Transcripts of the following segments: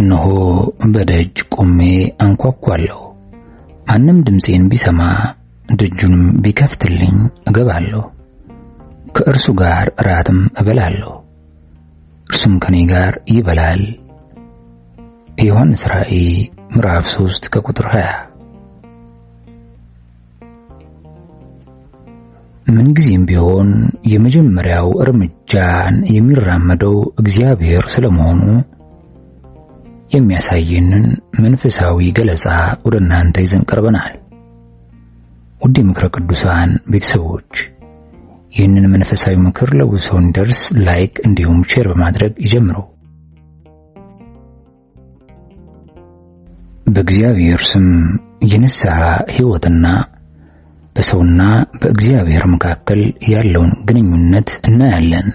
እነሆ በደጅ ቆሜ አንኳኳለሁ። ማንም ድምፄን ቢሰማ ደጁንም ቢከፍትልኝ እገባለሁ፣ ከእርሱ ጋር እራትም እበላለሁ፣ እርሱም ከኔ ጋር ይበላል። የዮሐንስ ራእይ ምዕራፍ 3 ከቁጥር 20። ምንጊዜም ቢሆን የመጀመሪያው እርምጃን የሚራመደው እግዚአብሔር ስለመሆኑ የሚያሳየንን መንፈሳዊ ገለጻ ወደ እናንተ ይዘን ቀርበናል። ውድ ምክረ ቅዱሳን ቤተሰቦች ይህንን መንፈሳዊ ምክር ለብዙ እንዲደርስ ላይክ እንዲሁም ሼር በማድረግ ይጀምሩ። በእግዚአብሔር ስም የንስሐ ሕይወትና በሰውና በእግዚአብሔር መካከል ያለውን ግንኙነት እናያለን።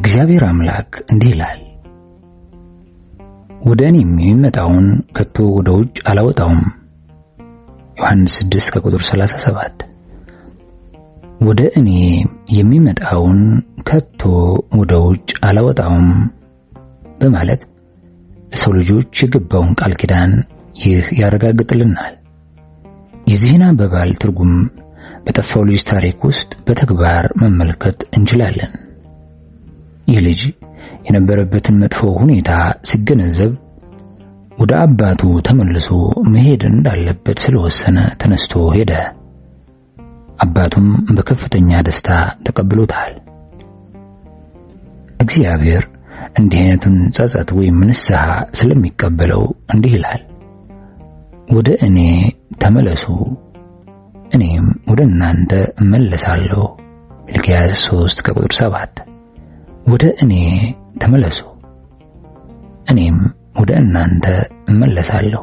እግዚአብሔር አምላክ እንዲህ ይላል፣ ወደ እኔም የሚመጣውን ከቶ ወደ ውጭ አላወጣውም። ዮሐንስ 6 ከቁጥር 37 ወደ እኔ የሚመጣውን ከቶ ወደ ውጭ አላወጣውም በማለት ለሰው ልጆች የገባውን ቃል ኪዳን ይህ ያረጋግጥልናል። የዚህን አባባል ትርጉም በጠፋው ልጅ ታሪክ ውስጥ በተግባር መመልከት እንችላለን። ይህ ልጅ የነበረበትን መጥፎ ሁኔታ ሲገነዘብ ወደ አባቱ ተመልሶ መሄድ እንዳለበት ስለወሰነ ተነስቶ ሄደ። አባቱም በከፍተኛ ደስታ ተቀብሎታል። እግዚአብሔር እንዲህ አይነቱን ጸጸት ወይም ንስሐ ስለሚቀበለው እንዲህ ይላል፣ ወደ እኔ ተመለሱ እኔም ወደ እናንተ እመለሳለሁ። ሚልክያስ 3 ከቁጥር 7 ወደ እኔ ተመለሱ፣ እኔም ወደ እናንተ እመለሳለሁ።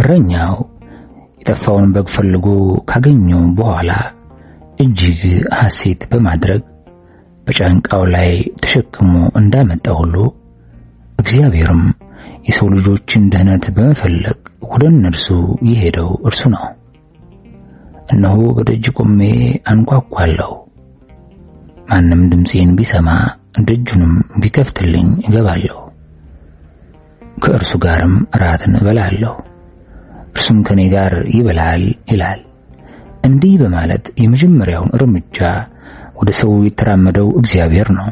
እረኛው የጠፋውን በግ ፈልጎ ካገኘ በኋላ እጅግ ሐሴት በማድረግ በጫንቃው ላይ ተሸክሞ እንዳመጣ ሁሉ እግዚአብሔርም የሰው ልጆችን ድህነት በመፈለግ ወደ እነርሱ የሄደው እርሱ ነው። እነሆ በደጅ ቆሜ አንኳኳለሁ። ማንም ድምፄን ቢሰማ ደጁንም ቢከፍትልኝ እገባለሁ፣ ከእርሱ ጋርም እራትን እበላለሁ፣ እርሱም ከኔ ጋር ይበላል ይላል። እንዲህ በማለት የመጀመሪያውን እርምጃ ወደ ሰው የተራመደው እግዚአብሔር ነው።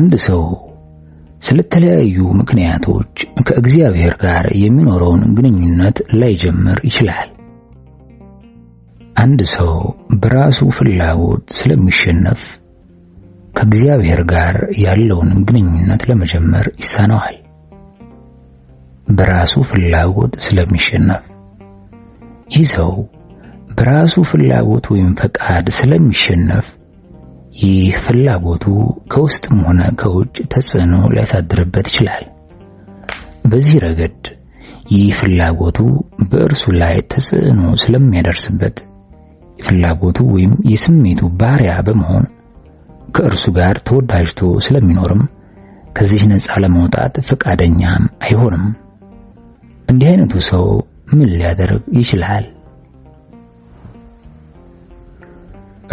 አንድ ሰው ስለተለያዩ ምክንያቶች ከእግዚአብሔር ጋር የሚኖረውን ግንኙነት ላይጀምር ይችላል። አንድ ሰው በራሱ ፍላጎት ስለሚሸነፍ ከእግዚአብሔር ጋር ያለውን ግንኙነት ለመጀመር ይሳነዋል። በራሱ ፍላጎት ስለሚሸነፍ ይህ ሰው በራሱ ፍላጎት ወይም ፈቃድ ስለሚሸነፍ ይህ ፍላጎቱ ከውስጥም ሆነ ከውጭ ተጽዕኖ ሊያሳድርበት ይችላል። በዚህ ረገድ ይህ ፍላጎቱ በእርሱ ላይ ተጽዕኖ ስለሚያደርስበት የፍላጎቱ ወይም የስሜቱ ባሪያ በመሆን ከእርሱ ጋር ተወዳጅቶ ስለሚኖርም ከዚህ ነፃ ለመውጣት ፈቃደኛም አይሆንም። እንዲህ አይነቱ ሰው ምን ሊያደርግ ይችላል?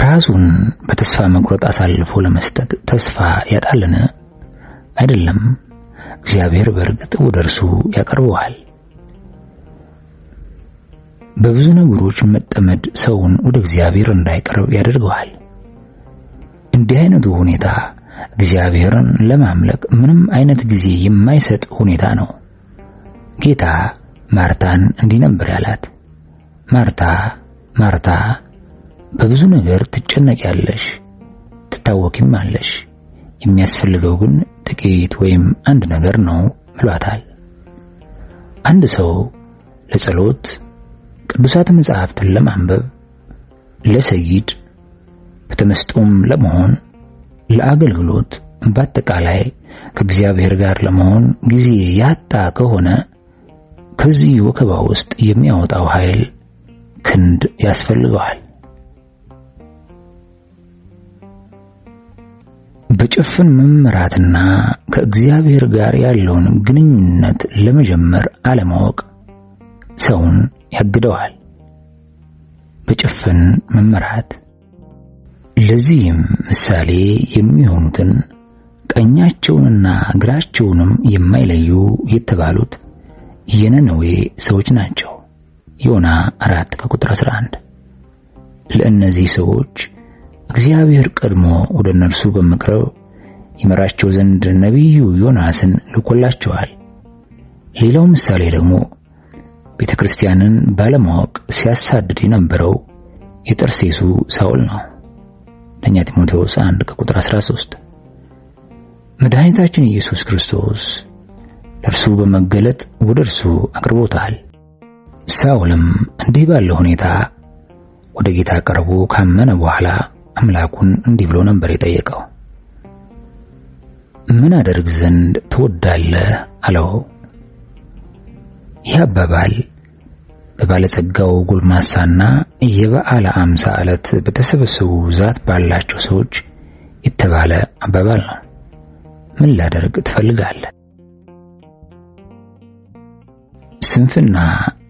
ራሱን በተስፋ መቁረጥ አሳልፎ ለመስጠት ተስፋ ያጣልን? አይደለም። እግዚአብሔር በእርግጥ ወደ እርሱ ያቀርበዋል። በብዙ ነገሮች መጠመድ ሰውን ወደ እግዚአብሔር እንዳይቀርብ ያደርገዋል። እንዲህ አይነቱ ሁኔታ እግዚአብሔርን ለማምለክ ምንም አይነት ጊዜ የማይሰጥ ሁኔታ ነው። ጌታ ማርታን እንዲህ ነበር ያላት፣ ማርታ ማርታ በብዙ ነገር ትጨነቂያለሽ፣ ትታወቂም አለሽ፣ የሚያስፈልገው ግን ጥቂት ወይም አንድ ነገር ነው ብሏታል። አንድ ሰው ለጸሎት ቅዱሳት መጽሐፍትን ለማንበብ፣ ለሰይድ በተመስጦም ለመሆን፣ ለአገልግሎት በአጠቃላይ ከእግዚአብሔር ጋር ለመሆን ጊዜ ያጣ ከሆነ ከዚህ ወከባ ውስጥ የሚያወጣው ኃይል ክንድ ያስፈልገዋል። በጭፍን መመራትና ከእግዚአብሔር ጋር ያለውን ግንኙነት ለመጀመር አለማወቅ ሰውን ያግደዋል። በጭፍን መመራት ለዚህም ምሳሌ የሚሆኑትን ቀኛቸውንና ግራቸውንም የማይለዩ የተባሉት የነነዌ ሰዎች ናቸው። ዮና 4 ከቁጥር 11። ለእነዚህ ሰዎች እግዚአብሔር ቀድሞ ወደ እነርሱ በመቅረብ ይመራቸው ዘንድ ነቢዩ ዮናስን ልኮላቸዋል። ሌላው ምሳሌ ደግሞ ቤተ ክርስቲያንን ባለማወቅ ሲያሳድድ የነበረው የጠርሴሱ ሳውል ነው። ለኛ ጢሞቴዎስ 1 ቁጥር 13 መድኃኒታችን ኢየሱስ ክርስቶስ ለእርሱ በመገለጥ ወደ እርሱ አቅርቦታል። ሳውልም እንዲህ ባለው ሁኔታ ወደ ጌታ ቀርቦ ካመነ በኋላ አምላኩን እንዲህ ብሎ ነበር የጠየቀው። ምን አደርግ ዘንድ ትወዳለህ? አለው። ይህ አባባል በባለጸጋው ጎልማሳና የበዓለ አምሳ ዕለት በተሰበሰቡ ብዛት ባላቸው ሰዎች የተባለ አባባል ነው። ምን ላደርግ ትፈልጋለህ? ስንፍና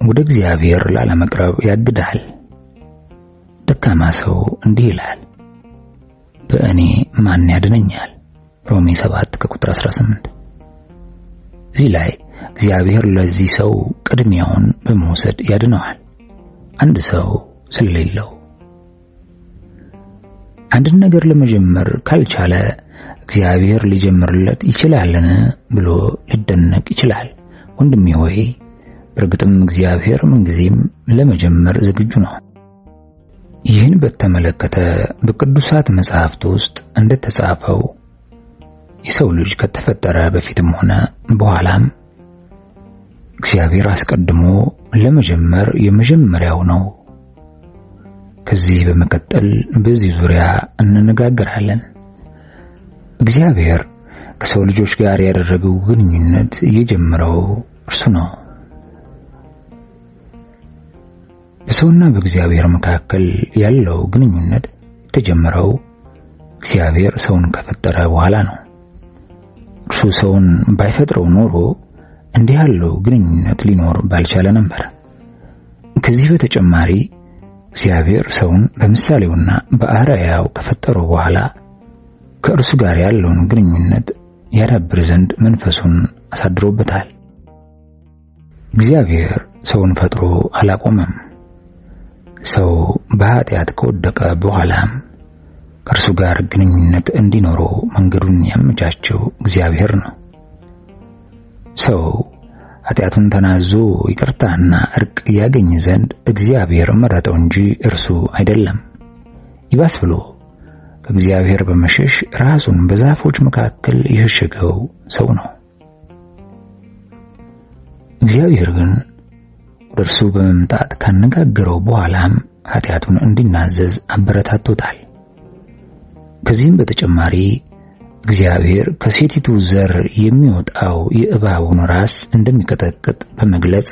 ወደ እግዚአብሔር ላለመቅረብ ያግድሃል። ደካማ ሰው እንዲህ ይላል፣ በእኔ ማን ያድነኛል? ሮሜ 7 ከቁጥር 18። እዚህ ላይ እግዚአብሔር ለዚህ ሰው ቅድሚያውን በመውሰድ ያድነዋል። አንድ ሰው ስለሌለው አንድን ነገር ለመጀመር ካልቻለ እግዚአብሔር ሊጀምርለት ይችላልን ብሎ ሊደነቅ ይችላል። ወንድሜ ሆይ በእርግጥም እግዚአብሔር ምንጊዜም ለመጀመር ዝግጁ ነው። ይህን በተመለከተ በቅዱሳት መጻሕፍት ውስጥ እንደተጻፈው የሰው ልጅ ከተፈጠረ በፊትም ሆነ በኋላም እግዚአብሔር አስቀድሞ ለመጀመር የመጀመሪያው ነው። ከዚህ በመቀጠል በዚህ ዙሪያ እንነጋገራለን። እግዚአብሔር ከሰው ልጆች ጋር ያደረገው ግንኙነት የጀመረው እርሱ ነው። በሰውና በእግዚአብሔር መካከል ያለው ግንኙነት የተጀመረው እግዚአብሔር ሰውን ከፈጠረ በኋላ ነው። እርሱ ሰውን ባይፈጥረው ኖሮ እንዲህ ያለው ግንኙነት ሊኖር ባልቻለ ነበር። ከዚህ በተጨማሪ እግዚአብሔር ሰውን በምሳሌውና በአርአያው ከፈጠረው በኋላ ከእርሱ ጋር ያለውን ግንኙነት ያዳብር ዘንድ መንፈሱን አሳድሮበታል። እግዚአብሔር ሰውን ፈጥሮ አላቆመም። ሰው በኃጢአት ከወደቀ በኋላም ከእርሱ ጋር ግንኙነት እንዲኖረው መንገዱን ያመቻቸው እግዚአብሔር ነው። ሰው ኃጢአቱን ተናዞ ይቅርታና እርቅ ያገኝ ዘንድ እግዚአብሔር መረጠው እንጂ እርሱ አይደለም። ይባስ ብሎ ከእግዚአብሔር በመሸሽ ራሱን በዛፎች መካከል የሸሸገው ሰው ነው። እግዚአብሔር ግን ወደ እርሱ በመምጣት ካነጋገረው በኋላም ኃጢአቱን እንዲናዘዝ አበረታቶታል። ከዚህም በተጨማሪ እግዚአብሔር ከሴቲቱ ዘር የሚወጣው የእባቡን ራስ እንደሚቀጠቅጥ በመግለጽ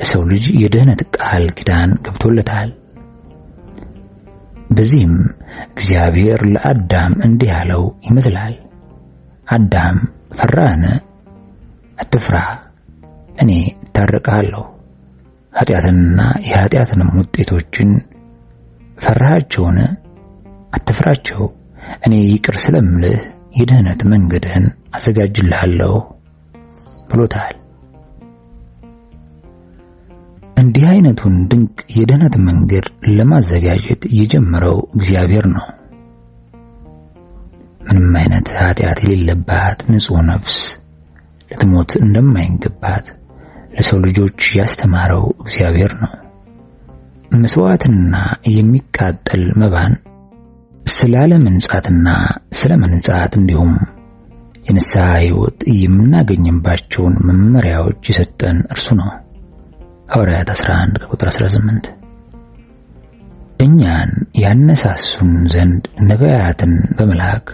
ለሰው ልጅ የድህነት ቃል ኪዳን ገብቶለታል። በዚህም እግዚአብሔር ለአዳም እንዲህ ያለው ይመስላል። አዳም ፈራህን? አትፍራ፣ እኔ እታረቅሃለሁ። ኃጢአትንና የኃጢአትንም ውጤቶችን ፈራሃቸውን? አትፍራቸው እኔ ይቅር ስለምልህ የድህነት መንገድህን አዘጋጅልሃለሁ ብሎታል። እንዲህ አይነቱን ድንቅ የድህነት መንገድ ለማዘጋጀት የጀመረው እግዚአብሔር ነው። ምንም አይነት ኃጢአት የሌለባት ንጹሕ ነፍስ ልትሞት እንደማይገባት ለሰው ልጆች ያስተማረው እግዚአብሔር ነው። መስዋዕትና የሚቃጠል መባን ስለ ዓለም ስለ መንጻት እንዲሁም የንስሐ ሕይወት የምናገኝባቸውን መመሪያዎች የሰጠን እርሱ ነው። ሐዋርያት 11 ቁጥር 18 እኛን ያነሳሱን ዘንድ ነቢያትን በመላክ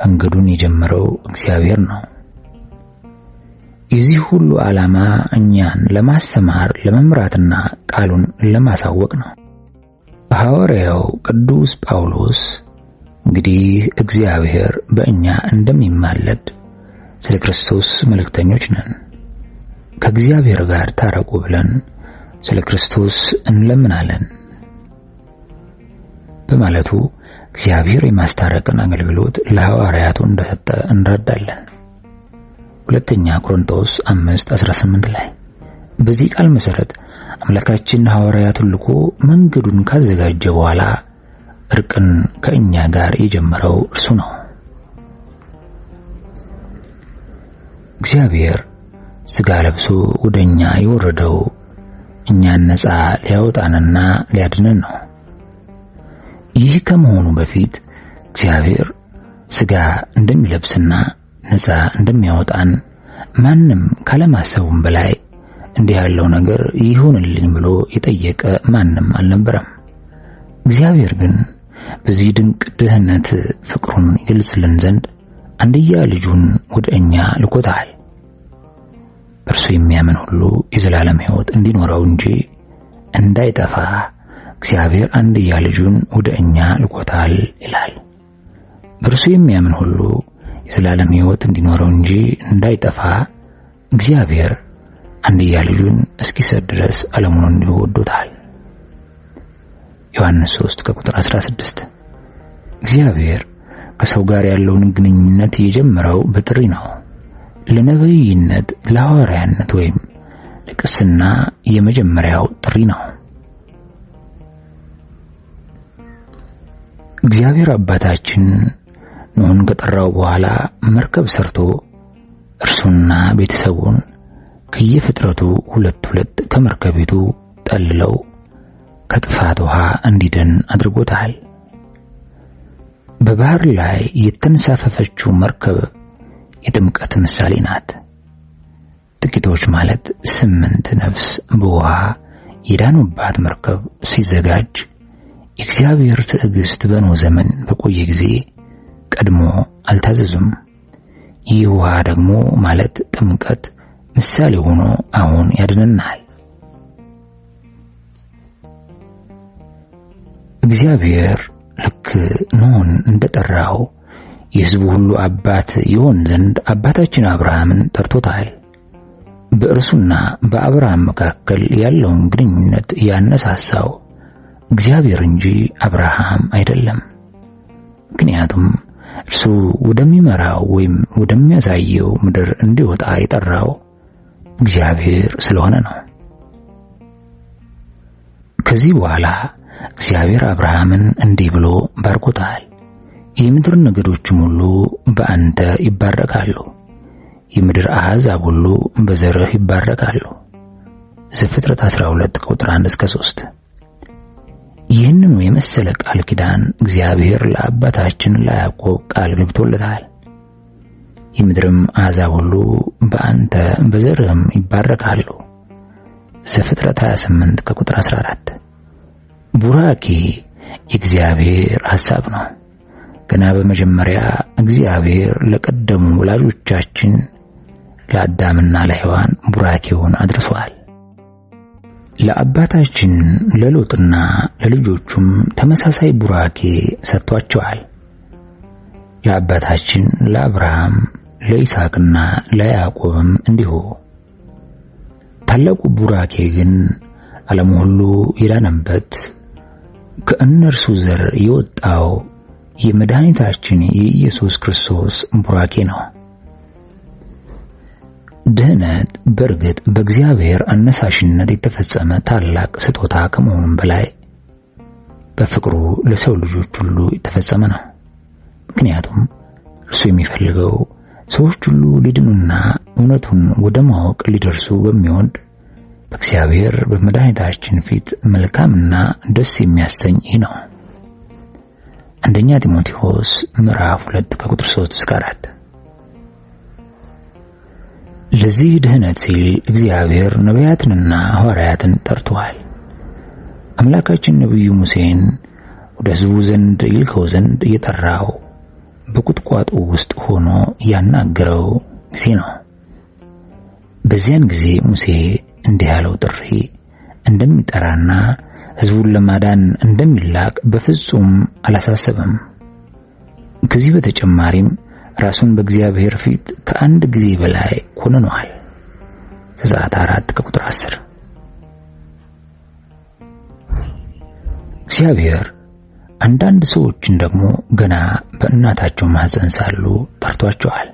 መንገዱን የጀመረው እግዚአብሔር ነው። የዚህ ሁሉ ዓላማ እኛን ለማስተማር ለመምራትና ቃሉን ለማሳወቅ ነው። ሐዋርያው ቅዱስ ጳውሎስ እንግዲህ እግዚአብሔር በእኛ እንደሚማለድ ስለ ክርስቶስ መልእክተኞች ነን። ከእግዚአብሔር ጋር ታረቁ ብለን ስለ ክርስቶስ እንለምናለን በማለቱ እግዚአብሔር የማስታረቅን አገልግሎት ለሐዋርያቱ እንደሰጠ እንረዳለን። ሁለተኛ ቆሮንቶስ 5:18 ላይ በዚህ ቃል መሰረት አምላካችን ሐዋርያት ልኮ መንገዱን ካዘጋጀ በኋላ እርቅን ከእኛ ጋር የጀመረው እርሱ ነው። እግዚአብሔር ሥጋ ለብሶ ወደ እኛ የወረደው እኛን ነፃ ሊያወጣንና ሊያድነን ነው። ይህ ከመሆኑ በፊት እግዚአብሔር ሥጋ እንደሚለብስና ነፃ እንደሚያወጣን ማንም ካለማሰቡም በላይ እንዲህ ያለው ነገር ይሁንልኝ ብሎ የጠየቀ ማንም አልነበረም። እግዚአብሔር ግን በዚህ ድንቅ ድህነት ፍቅሩን ይገልጽልን ዘንድ አንድያ ልጁን ወደ እኛ ልኮታል። በእርሱ የሚያምን ሁሉ የዘላለም ሕይወት እንዲኖረው እንጂ እንዳይጠፋ እግዚአብሔር አንድያ ልጁን ወደ እኛ ልኮታል ይላል። በእርሱ የሚያምን ሁሉ የዘላለም ሕይወት እንዲኖረው እንጂ እንዳይጠፋ እግዚአብሔር አንድያ ልጁን እስኪሰጥ ድረስ ዓለሙን እንዲሁ ወዶታል። ዮሐንስ 3 ከቁጥር 16። እግዚአብሔር ከሰው ጋር ያለውን ግንኙነት የጀመረው በጥሪ ነው። ለነብይነት፣ ለሐዋርያነት ወይም ለቅስና የመጀመሪያው ጥሪ ነው። እግዚአብሔር አባታችን ኖኅን ከጠራው በኋላ መርከብ ሰርቶ እርሱና ቤተሰቡን ከየፍጥረቱ ሁለት ሁለት ከመርከቢቱ ጠልለው ከጥፋት ውሃ እንዲድን አድርጎታል። በባህር ላይ የተንሳፈፈችው መርከብ የጥምቀት ምሳሌ ናት። ጥቂቶች ማለት ስምንት ነፍስ በውሃ የዳኑባት መርከብ ሲዘጋጅ የእግዚአብሔር ትዕግሥት በኖ ዘመን በቆየ ጊዜ ቀድሞ አልታዘዙም። ይህ ውሃ ደግሞ ማለት ጥምቀት ምሳሌ ሆኖ አሁን ያድነናል። እግዚአብሔር ልክ ኖን እንደጠራው የሕዝቡ ሁሉ አባት ይሆን ዘንድ አባታችን አብርሃምን ጠርቶታል። በእርሱና በአብርሃም መካከል ያለውን ግንኙነት ያነሳሳው እግዚአብሔር እንጂ አብርሃም አይደለም። ምክንያቱም እርሱ ወደሚመራው ወይም ወደሚያሳየው ምድር እንዲወጣ የጠራው እግዚአብሔር ስለሆነ ነው። ከዚህ በኋላ እግዚአብሔር አብርሃምን እንዲህ ብሎ ባርኮታል። የምድር ነገዶችም ሁሉ በአንተ ይባረካሉ፣ የምድር አሕዛብ ሁሉ በዘርህ ይባረካሉ። ዘፍጥረት 12 ቁጥር 1 እስከ 3። ይህንም የመሰለ ቃል ኪዳን እግዚአብሔር ለአባታችን ለያዕቆብ ቃል ገብቶለታል። የምድርም አዛ ሁሉ በአንተ በዘርህም ይባረካሉ። ዘፍጥረት 28 ከቁጥር 14። ቡራኬ የእግዚአብሔር ሐሳብ ነው። ገና በመጀመሪያ እግዚአብሔር ለቀደሙ ወላጆቻችን ለአዳምና ለሔዋን ቡራኬውን አድርሷል። ለአባታችን ለሎጥና ለልጆቹም ተመሳሳይ ቡራኬ ሰጥቷቸዋል። ለአባታችን ለአብርሃም ለይስሐቅና ለያዕቆብም እንዲሁ። ታላቁ ቡራኬ ግን ዓለም ሁሉ የዳነበት ከእነርሱ ዘር የወጣው የመድኃኒታችን የኢየሱስ ክርስቶስ ቡራኬ ነው። ድህነት በእርግጥ በእግዚአብሔር አነሳሽነት የተፈጸመ ታላቅ ስጦታ ከመሆኑም በላይ በፍቅሩ ለሰው ልጆች ሁሉ የተፈጸመ ነው። ምክንያቱም እርሱ የሚፈልገው ሰዎች ሁሉ ሊድኑና እውነቱን ወደ ማወቅ ሊደርሱ በሚሆን በእግዚአብሔር በመድኃኒታችን ፊት መልካምና ደስ የሚያሰኝ ይህ ነው። አንደኛ ጢሞቴዎስ ምዕራፍ 2 ከቁጥር 3 እስከ 4። ለዚህ ድህነት ሲል እግዚአብሔር ነቢያትንና ሐዋርያትን ጠርቷል። አምላካችን ነቢዩ ሙሴን ወደ ሕዝቡ ዘንድ ይልከው ዘንድ እየጠራው በቁጥቋጦ ውስጥ ሆኖ ያናገረው ጊዜ ነው። በዚያን ጊዜ ሙሴ እንዲህ ያለው ጥሪ እንደሚጠራና ሕዝቡን ለማዳን እንደሚላቅ በፍጹም አላሳሰበም። ከዚህ በተጨማሪም ራሱን በእግዚአብሔር ፊት ከአንድ ጊዜ በላይ ኮንኗል። ዘጸአት አራት ከቁጥር 10 እግዚአብሔር አንዳንድ ሰዎችን ደግሞ ገና በእናታቸው ማህፀን ሳሉ ጠርቷቸዋል።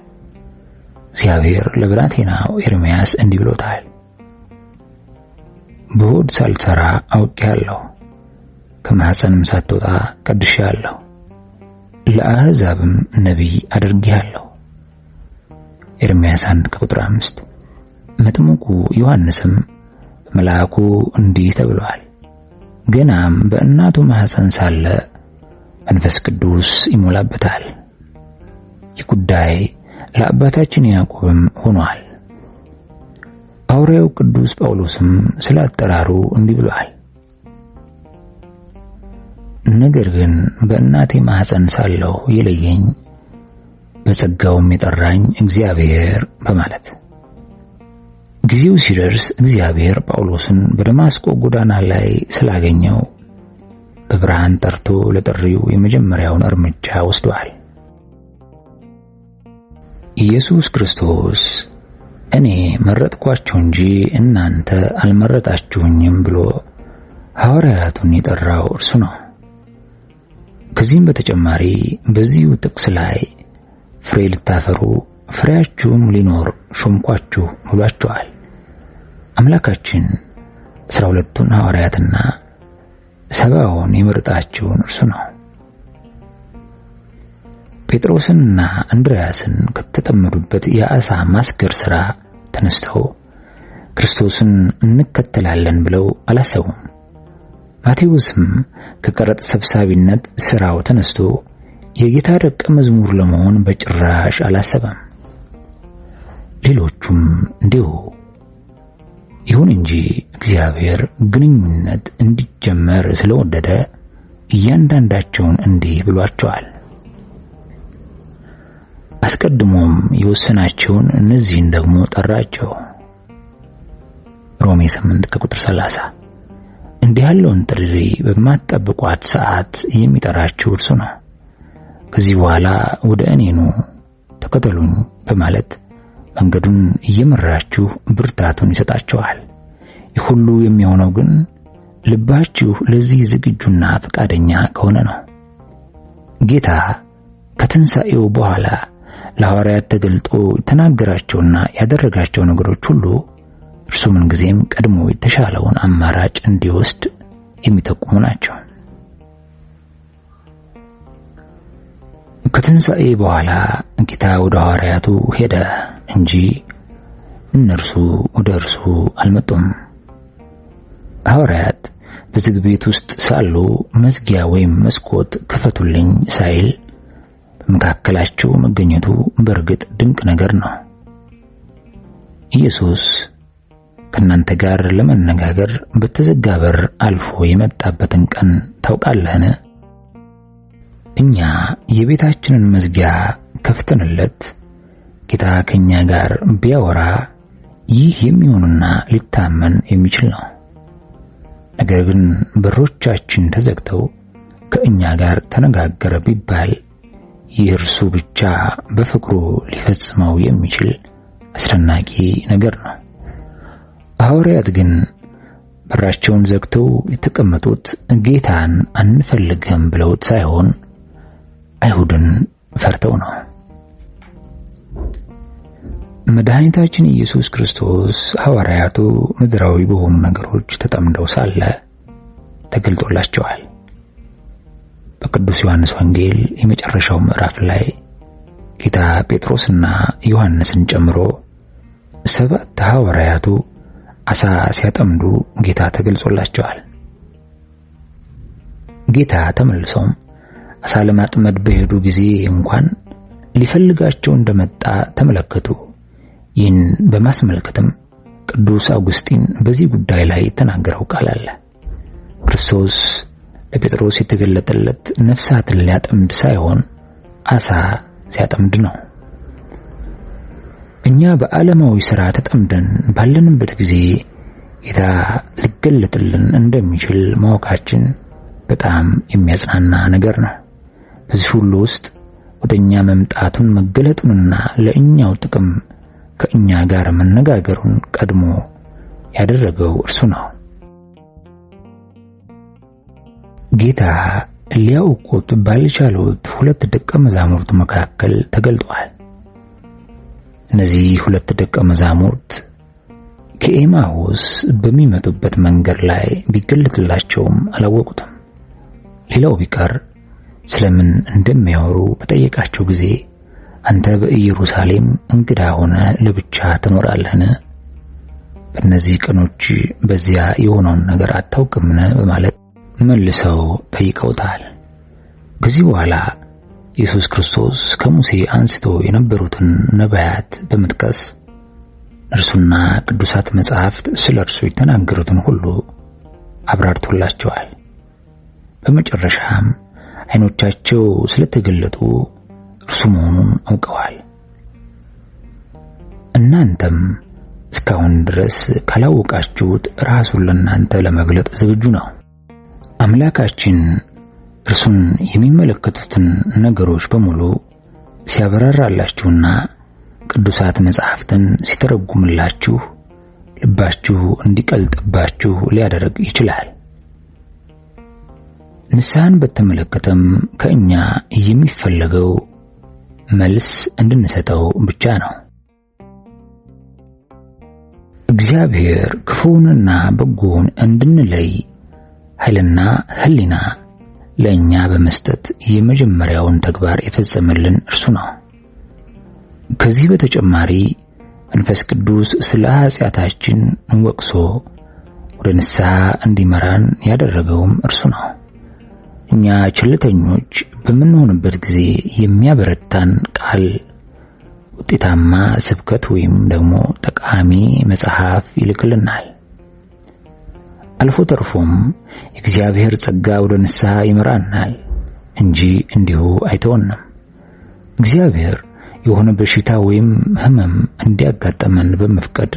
እግዚአብሔር ለብላቴናው ኤርምያስ እንዲህ ብሎታል፣ በሆድ ሳልሰራ አውቄሃለሁ፣ ከማህፀንም ሳትወጣ ቀድሼሃለሁ፣ ለአሕዛብም ነቢይ አድርጌሃለሁ። ኤርምያስ አንድ ከቁጥር አምስት መጥምቁ ዮሐንስም መልአኩ እንዲህ ተብሏል፣ ገናም በእናቱ ማህፀን ሳለ መንፈስ ቅዱስ ይሞላበታል። ይህ ጉዳይ ለአባታችን ያዕቆብም ሆኗል። ሐዋርያው ቅዱስ ጳውሎስም ስለ አጠራሩ እንዲህ ብሏል። ነገር ግን በእናቴ ማኅፀን ሳለሁ የለየኝ በጸጋውም የጠራኝ እግዚአብሔር በማለት ጊዜው ሲደርስ እግዚአብሔር ጳውሎስን በደማስቆ ጎዳና ላይ ስላገኘው በብርሃን ጠርቶ ለጥሪው የመጀመሪያውን እርምጃ ወስዷል። ኢየሱስ ክርስቶስ እኔ መረጥኳችሁ እንጂ እናንተ አልመረጣችሁኝም ብሎ ሐዋርያቱን የጠራው እርሱ ነው። ከዚህም በተጨማሪ በዚሁ ጥቅስ ላይ ፍሬ ልታፈሩ ፍሬያችሁም ሊኖር ሾምኳችሁ ብሏቸዋል። አምላካችን አስራ ሁለቱን ሐዋርያትና ሰብአውን የመረጣቸውን እርሱ ነው። ጴጥሮስንና እንድርያስን ከተጠመዱበት የአሳ ማስገር ሥራ ተነስተው ክርስቶስን እንከተላለን ብለው አላሰቡም። ማቴዎስም ከቀረጥ ሰብሳቢነት ሥራው ተነስቶ የጌታ ደቀ መዝሙር ለመሆን በጭራሽ አላሰበም። ሌሎቹም እንዲሁ ይሁን እንጂ እግዚአብሔር ግንኙነት እንዲጀመር ስለወደደ እያንዳንዳቸውን እንዲህ ብሏቸዋል። አስቀድሞም የወሰናቸውን እነዚህን ደግሞ ጠራቸው። ሮሜ 8 ከቁጥር 30። እንዲህ ያለውን ጥሪ በማትጠብቋት ሰዓት የሚጠራችሁ እርሱ ነው። ከዚህ በኋላ ወደ እኔ ኑ ተከተሉኝ በማለት መንገዱን እየመራችሁ ብርታቱን ይሰጣችኋል። ይህ ሁሉ የሚሆነው ግን ልባችሁ ለዚህ ዝግጁና ፈቃደኛ ከሆነ ነው። ጌታ ከትንሣኤው በኋላ ለሐዋርያት ተገልጦ የተናገራቸውና ያደረጋቸው ነገሮች ሁሉ እርሱ ምንጊዜም ቀድሞ የተሻለውን አማራጭ እንዲወስድ የሚጠቁሙ ናቸው። ከትንሣኤ በኋላ ጌታ ወደ ሐዋርያቱ ሄደ። እንጂ እነርሱ ወደ እርሱ አልመጡም። ሐዋርያት በዝግ ቤት ውስጥ ሳሉ መዝጊያ ወይም መስኮት ክፈቱልኝ ሳይል በመካከላቸው መገኘቱ በእርግጥ ድንቅ ነገር ነው። ኢየሱስ ከእናንተ ጋር ለመነጋገር በተዘጋ በር አልፎ የመጣበትን ቀን ታውቃለህን? እኛ የቤታችንን መዝጊያ ከፍተንለት ጌታ ከኛ ጋር ቢያወራ ይህ የሚሆንና ሊታመን የሚችል ነው። ነገር ግን በሮቻችን ተዘግተው ከእኛ ጋር ተነጋገረ ቢባል ይህ እርሱ ብቻ በፍቅሩ ሊፈጽመው የሚችል አስደናቂ ነገር ነው። ሐዋርያት ግን በራቸውን ዘግተው የተቀመጡት ጌታን አንፈልግም ብለውት ሳይሆን አይሁድን ፈርተው ነው። መድኃኒታችን ኢየሱስ ክርስቶስ ሐዋርያቱ ምድራዊ በሆኑ ነገሮች ተጠምደው ሳለ ተገልጦላቸዋል። በቅዱስ ዮሐንስ ወንጌል የመጨረሻው ምዕራፍ ላይ ጌታ ጴጥሮስና ዮሐንስን ጨምሮ ሰባት ሐዋርያቱ አሳ ሲያጠምዱ ጌታ ተገልጾላቸዋል። ጌታ ተመልሶም አሳ ለማጥመድ በሄዱ ጊዜ እንኳን ሊፈልጋቸው እንደመጣ ተመለከቱ። ይህን በማስመልከትም ቅዱስ አውግስጢን በዚህ ጉዳይ ላይ የተናገረው ቃል አለ። ክርስቶስ ለጴጥሮስ የተገለጠለት ነፍሳትን ሊያጠምድ ሳይሆን አሳ ሲያጠምድ ነው። እኛ በዓለማዊ ሥራ ተጠምደን ባለንበት ጊዜ ጌታ ሊገለጥልን እንደሚችል ማወቃችን በጣም የሚያጽናና ነገር ነው። በዚህ ሁሉ ውስጥ ወደ እኛ መምጣቱን መገለጡንና ለእኛው ጥቅም ከእኛ ጋር መነጋገሩን ቀድሞ ያደረገው እርሱ ነው። ጌታ ሊያውቁት ባልቻሉት ሁለት ደቀ መዛሙርት መካከል ተገልጧል። እነዚህ ሁለት ደቀ መዛሙርት ከኤማሁስ በሚመጡበት መንገድ ላይ ቢገለጥላቸውም አላወቁትም። ሌላው ቢቀር ስለምን እንደሚያወሩ በጠየቃቸው ጊዜ አንተ በኢየሩሳሌም እንግዳ ሆነ ለብቻ ትኖራለህን? በእነዚህ ቀኖች በዚያ የሆነውን ነገር አታውቅምን? በማለት መልሰው ጠይቀውታል። ከዚህ በኋላ ኢየሱስ ክርስቶስ ከሙሴ አንስቶ የነበሩትን ነቢያት በመጥቀስ እርሱና ቅዱሳት መጻሕፍት ስለ እርሱ የተናገሩትን ሁሉ አብራርቶላቸዋል። በመጨረሻም ዓይኖቻቸው ስለተገለጡ እርሱ መሆኑን አውቀዋል። እናንተም እስካሁን ድረስ ካላወቃችሁት ራሱን ለእናንተ ለመግለጥ ዝግጁ ነው። አምላካችን እርሱን የሚመለከቱትን ነገሮች በሙሉ ሲያበራራላችሁና ቅዱሳት መጻሕፍትን ሲተረጉምላችሁ ልባችሁ እንዲቀልጥባችሁ ሊያደርግ ይችላል። ንስሐን በተመለከተም ከእኛ የሚፈለገው መልስ እንድንሰጠው ብቻ ነው። እግዚአብሔር ክፉውንና በጎውን እንድንለይ ኃይልና ሕሊና ለእኛ በመስጠት የመጀመሪያውን ተግባር የፈጸመልን እርሱ ነው። ከዚህ በተጨማሪ መንፈስ ቅዱስ ስለ ኃጢአታችን ወቅሶ ወደ ንስሐ እንዲመራን ያደረገውም እርሱ ነው። እኛ ችልተኞች በምንሆንበት ጊዜ የሚያበረታን ቃል፣ ውጤታማ ስብከት ወይም ደግሞ ጠቃሚ መጽሐፍ ይልክልናል። አልፎ ተርፎም የእግዚአብሔር ጸጋ ወደ ንስሐ ይመራናል እንጂ እንዲሁ አይተወንም። እግዚአብሔር የሆነ በሽታ ወይም ሕመም እንዲያጋጠመን በመፍቀድ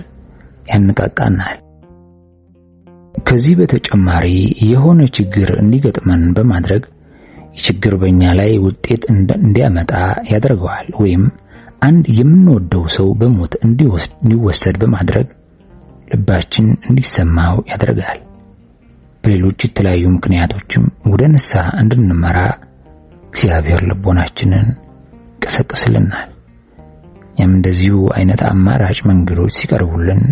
ያነቃቃናል። ከዚህ በተጨማሪ የሆነ ችግር እንዲገጥመን በማድረግ ችግር በእኛ ላይ ውጤት እንዲያመጣ ያደርገዋል ወይም አንድ የምንወደው ሰው በሞት እንዲወሰድ በማድረግ ልባችን እንዲሰማው ያደርጋል። በሌሎች የተለያዩ ምክንያቶችም ወደ ንስሐ እንድንመራ እግዚአብሔር ልቦናችንን ይቀሰቅስልናል። ያም እንደዚሁ አይነት አማራጭ መንገዶች ሲቀርቡልን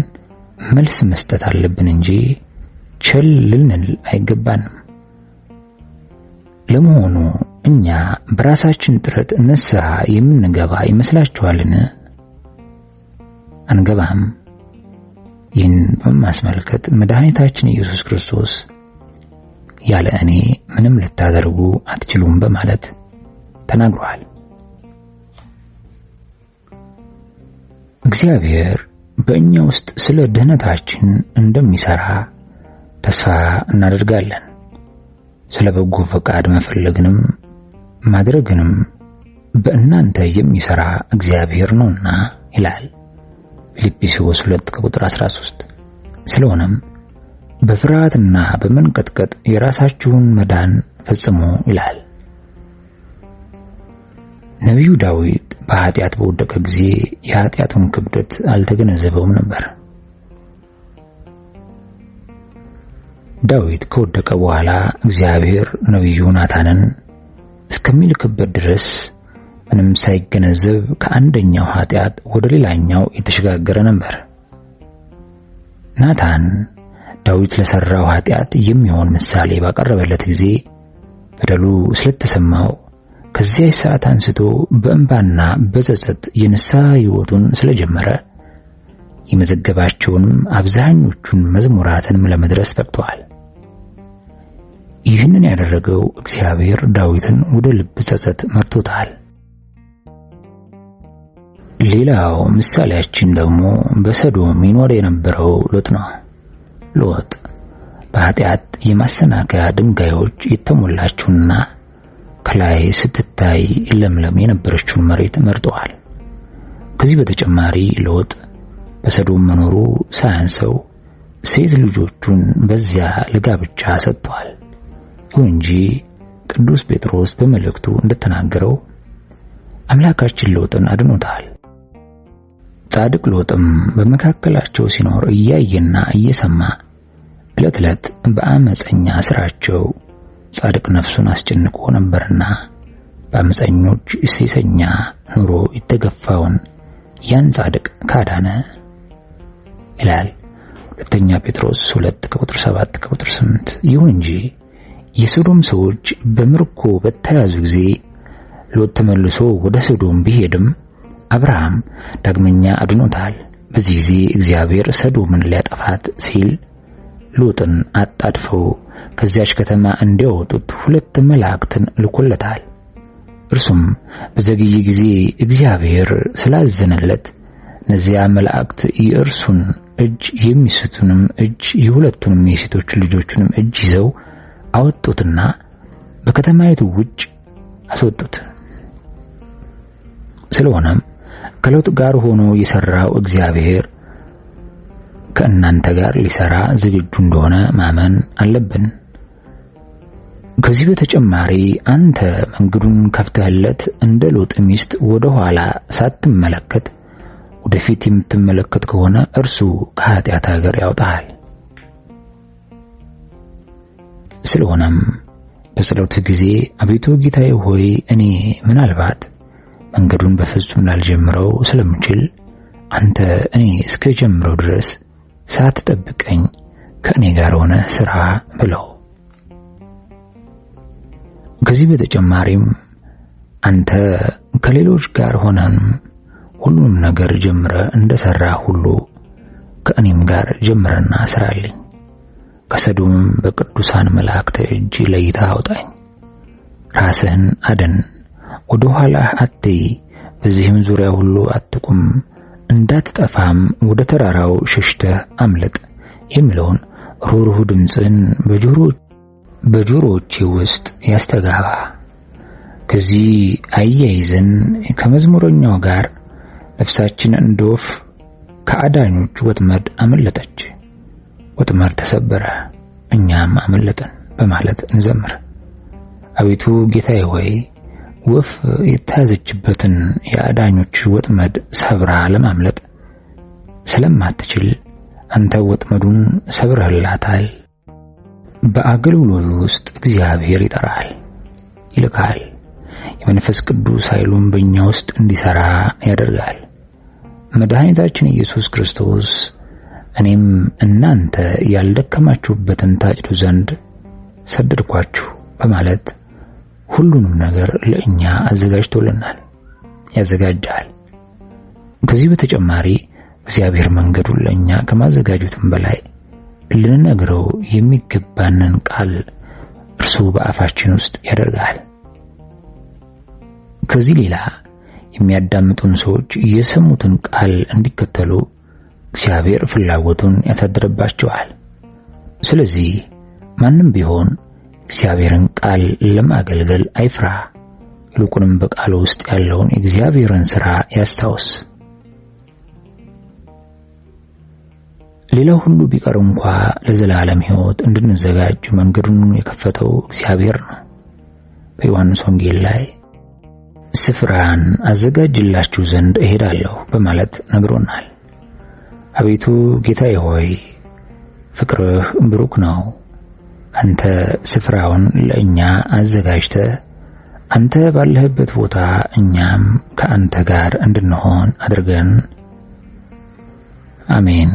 መልስ መስጠት አለብን እንጂ ቸል ልንል አይገባንም። ለመሆኑ እኛ በራሳችን ጥረት ንስሐ የምንገባ ይመስላችኋልን? አንገባም። ይህን በማስመልከት መድኃኒታችን ኢየሱስ ክርስቶስ ያለ እኔ ምንም ልታደርጉ አትችሉም በማለት ተናግሯል። እግዚአብሔር በእኛ ውስጥ ስለ ድህነታችን እንደሚሰራ ተስፋ እናደርጋለን። ስለ በጎ ፈቃድ መፈለግንም ማድረግንም በእናንተ የሚሰራ እግዚአብሔር ነውና ይላል ፊልጵስዩስ 2 ቁጥር 13። ስለሆነም በፍርሃትና በመንቀጥቀጥ የራሳችሁን መዳን ፈጽሞ ይላል። ነቢዩ ዳዊት በኃጢአት በወደቀ ጊዜ የኃጢአቱን ክብደት አልተገነዘበውም ነበር። ዳዊት ከወደቀ በኋላ እግዚአብሔር ነቢዩ ናታንን እስከሚልክበት ድረስ ምንም ሳይገነዘብ ከአንደኛው ኃጢአት ወደ ሌላኛው የተሸጋገረ ነበር። ናታን ዳዊት ለሠራው ኃጢአት የሚሆን ምሳሌ ባቀረበለት ጊዜ በደሉ ስለተሰማው ከዚያ ሰዓት አንስቶ በእንባና በጸጸት የንስሐ ሕይወቱን ስለጀመረ የመዘገባቸውንም አብዛኞቹን መዝሙራትንም ለመድረስ በቅተዋል። ይህንን ያደረገው እግዚአብሔር ዳዊትን ወደ ልብ ጸጸት መርቶታል። ሌላው ምሳሌያችን ደግሞ በሰዶም ይኖር የነበረው ሎጥ ነው። ሎጥ በኃጢአት የማሰናከያ ድንጋዮች የተሞላችውና ከላይ ስትታይ ለምለም የነበረችውን መሬት መርጠዋል። ከዚህ በተጨማሪ ሎጥ በሰዶም መኖሩ ሳያንሰው ሴት ልጆቹን በዚያ ለጋብቻ ሰጥቷል። ይሁን እንጂ ቅዱስ ጴጥሮስ በመልእክቱ እንደተናገረው አምላካችን ሎጥን አድኖታል። ጻድቅ ሎጥም በመካከላቸው ሲኖር እያየና እየሰማ ዕለት ዕለት በአመፀኛ ስራቸው ጻድቅ ነፍሱን አስጨንቆ ነበርና በአመፀኞች ሴሰኛ ኑሮ የተገፋውን ያን ጻድቅ ካዳነ ይላል ሁለተኛ ጴጥሮስ 2 ከቁጥር 7 ከቁጥር 8 ይሁን እንጂ የሶዶም ሰዎች በምርኮ በተያዙ ጊዜ ሎጥ ተመልሶ ወደ ሶዶም ቢሄድም አብርሃም ዳግመኛ አድኖታል። በዚህ ጊዜ እግዚአብሔር ሰዶምን ሊያጠፋት ሲል ሎጥን አጣድፈው ከዚያች ከተማ እንዲያወጡት ሁለት መላእክትን ልኮለታል። እርሱም በዘገየ ጊዜ እግዚአብሔር ስላዘነለት እነዚያ መላእክት የእርሱን እጅ የሚስቱንም እጅ የሁለቱንም የሴቶች ልጆቹንም እጅ ይዘው አወጡትና በከተማይቱ ውጭ አስወጡት። ስለሆነም ከሎጥ ጋር ሆኖ የሰራው እግዚአብሔር ከእናንተ ጋር ሊሰራ ዝግጁ እንደሆነ ማመን አለብን። ከዚህ በተጨማሪ አንተ መንገዱን ከፍተህለት እንደ ሎጥ ሚስት ወደ ኋላ ሳትመለከት ወደፊት የምትመለከት ከሆነ እርሱ ከኃጢአት ሀገር ያውጣሃል። ስለሆነም በጸሎት ጊዜ አቤቱ ጌታዬ ሆይ እኔ ምናልባት መንገዱን በፍጹም ላልጀምረው ስለምችል አንተ እኔ እስከ ጀምረው ድረስ ሳትጠብቀኝ ከእኔ ጋር ሆነ ስራ ብለው። ከዚህ በተጨማሪም አንተ ከሌሎች ጋር ሆነን ሁሉንም ነገር ጀምረ እንደሰራ ሁሉ ከእኔም ጋር ጀምረና ስራልኝ ከሰዱም በቅዱሳን መላእክት እጅ ለይታ አውጣኝ። ራስህን አደን፣ ወደ ኋላህ አትይ፣ በዚህም ዙሪያ ሁሉ አትቁም፣ እንዳትጠፋም ወደ ተራራው ሸሽተህ አምልጥ የሚለውን ሩሩህ ድምፅን በጆሮዎቼ ውስጥ ያስተጋባ። ከዚህ አያይዘን ከመዝሙረኛው ጋር ነፍሳችን እንደ ወፍ ከአዳኞች ወጥመድ አመለጠች። ወጥመድ ተሰበረ፣ እኛም አመለጠን በማለት እንዘምር። አቤቱ ጌታዬ ሆይ ወፍ የተያዘችበትን የአዳኞች ወጥመድ ሰብራ ለማምለጥ ስለማትችል አንተ ወጥመዱን ሰብረህላታል። በአገልግሎት ውስጥ እግዚአብሔር ይጠራል፣ ይልካል። የመንፈስ ቅዱስ ኃይሉን በእኛ ውስጥ እንዲሰራ ያደርጋል። መድኃኒታችን ኢየሱስ ክርስቶስ እኔም እናንተ ያልደከማችሁበትን ታጭዱ ዘንድ ሰደድኳችሁ በማለት ሁሉንም ነገር ለእኛ አዘጋጅቶልናል፣ ያዘጋጃል። ከዚህ በተጨማሪ እግዚአብሔር መንገዱን ለእኛ ከማዘጋጀትም በላይ ልንነግረው የሚገባንን ቃል እርሱ በአፋችን ውስጥ ያደርጋል። ከዚህ ሌላ የሚያዳምጡን ሰዎች የሰሙትን ቃል እንዲከተሉ እግዚአብሔር ፍላጎቱን ያሳድርባቸዋል። ስለዚህ ማንም ቢሆን እግዚአብሔርን ቃል ለማገልገል አይፍራ፣ ይልቁንም በቃሉ ውስጥ ያለውን የእግዚአብሔርን ሥራ ያስታውስ። ሌላው ሁሉ ቢቀር እንኳ ለዘላለም ሕይወት እንድንዘጋጅ መንገዱን የከፈተው እግዚአብሔር ነው። በዮሐንስ ወንጌል ላይ ስፍራን አዘጋጅላችሁ ዘንድ እሄዳለሁ በማለት ነግሮናል። አቤቱ ጌታዬ ሆይ ፍቅርህ ብሩክ ነው። አንተ ስፍራውን ለእኛ አዘጋጅተ አንተ ባለህበት ቦታ እኛም ከአንተ ጋር እንድንሆን አድርገን። አሜን።